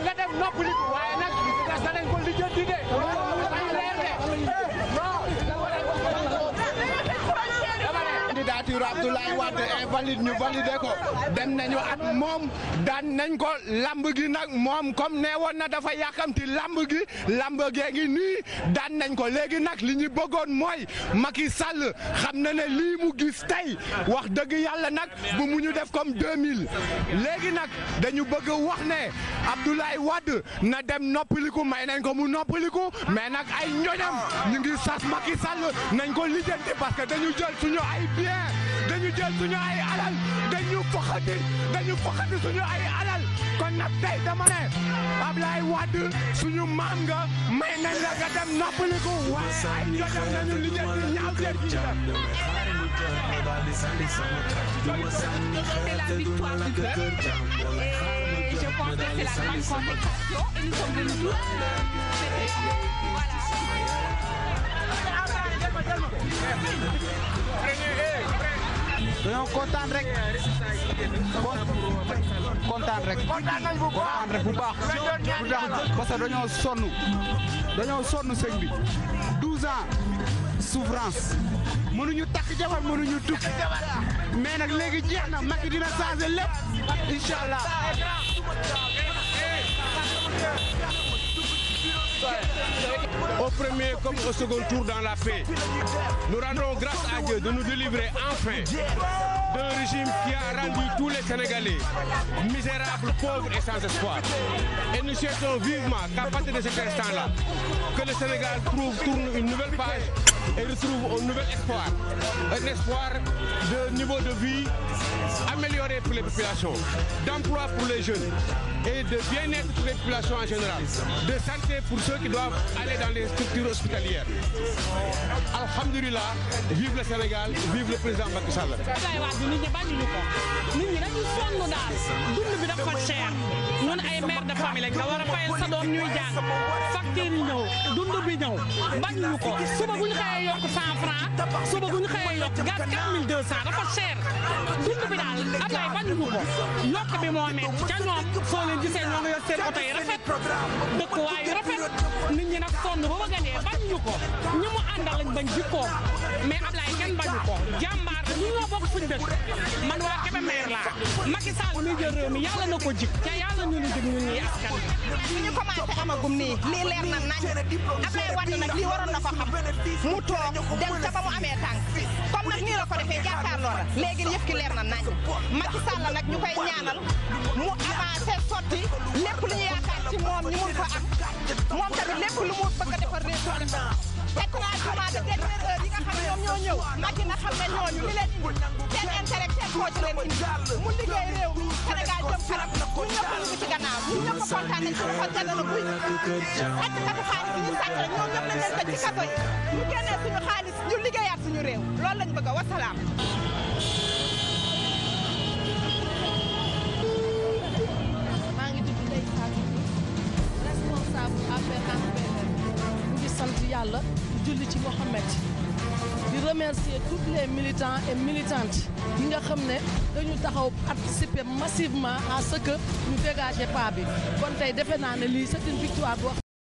nga dem noppaliku candidature Abdoulaye Wade invalide ñu validé ko dem nañu at moom daan nañ ko làmb gi nag moom comme nee woon na dafa yàkkamti lamb gi làmb gee ngi nii daan nañ ko léegi nag li ñu bëggoon mooy Macky sàll xam na ne lii mu gis tey wax dëgg yàlla nag bu mu ñu def comme 2000 léegi nag dañu bëgg wax ne Abdoulaye Wade na dem noppaliku may nañ ko mu noppaliku mais nag ay ñoñam ñu ngi sas Macky Sall nañ ko lijjanti parce que dañu jël suñu ay bien dañu jël suñu ay alal dañu foxati dañu foxati suñu ay alal kon nag tey dama ne Ablaye Wade suñu maam nga may nañ la nga dem noppaliku waaye ay njojam nañu li jël ci ñaaw teer ji Et dañoo kontaan rek kontaan rek kontaan rek bu baax bu tax parce que dañoo sonn dañoo sonn sëñ bi 12 ans souffrance mënuñu takk jabar mënuñu tukki mais nag léegi jeex na Macky dina changer lépp incha allah. au premier comme au second tour dans la paix. Nous rendons grâce à Dieu de nous délivrer enfin d'un régime qui a rendu tous les Sénégalais misérables, pauvres et sans espoir. Et nous souhaitons vivement qu'à partir de cet instant-là, que le Sénégal trouve, tourne une nouvelle page et retrouve un nouvel espoir. de niveau de vie amélioré pour les populations, d'emploi pour les jeunes et de bien-être pour les populations en général, de santé pour ceux qui doivent aller dans les structures hospitalières. Alhamdulillah, vive le Sénégal, vive le président Macky Sall. ñun ay mère de famille lañ nga war a fayal sa doom ñuy jàng facture yi ñëw dund bi ñëw bañ ñu ko suba buñ xëyee yokk 100 francs suba bu ñu xëyee yokk gaz 4200 dafa cher dund bi daal Ablaye bañu ko yokk bi moo nekk soo leen gisee ñoo ngi yor seen oto yi rafet dëkkuwaay yu rafet nit ñi nag sonn ba bëgg a dee bañu ko mu àndal lañ bañ jikkoo mais Ablaye ko jàmbaar la ñu ñoo bokk suñu dëkk man waa Kébé maire laa Macky Sall mi jël réew mi yàlla na ko jik ñu ni jik ñun ñii askan bi ñu commencé amagum nii lii leer na nañ Ablaye Wade lii waroon na ko xam mu toog dem ca ba mu amee tànk comme nag nii la ko defee jàkkaarloo la léegi yëf ki leer na nañ Macky Sall nag ñu koy ñaanal mu avancé sotti lépp lu ñu yaakaar ci moom ñu mun ko am moom tamit lépp lu mu bëgg a defar réew teg couragement de dernière heure yi nga xam ñoom ñoo ñëw Macky na xam ne ñooñu li leen indi seen intérêt seen poche leen indi mu liggéey réew mi Sénégal jëm kanam ñun ñëpp ngi ci gannaaw ñëpp kontaan ñu ñëpp nañ leen ci kaso ñu génnee suñu xaalis ñu liggéeyaat suñu réew loolu lañ bëgg wasalaam yàlla julli ci Mohamed di remercier tous les militants et militantes yi nga xam ne dañu taxaw participer massivement à ce que ñu dégager pas bi kon tey defe naa ne lii c'est victoire boo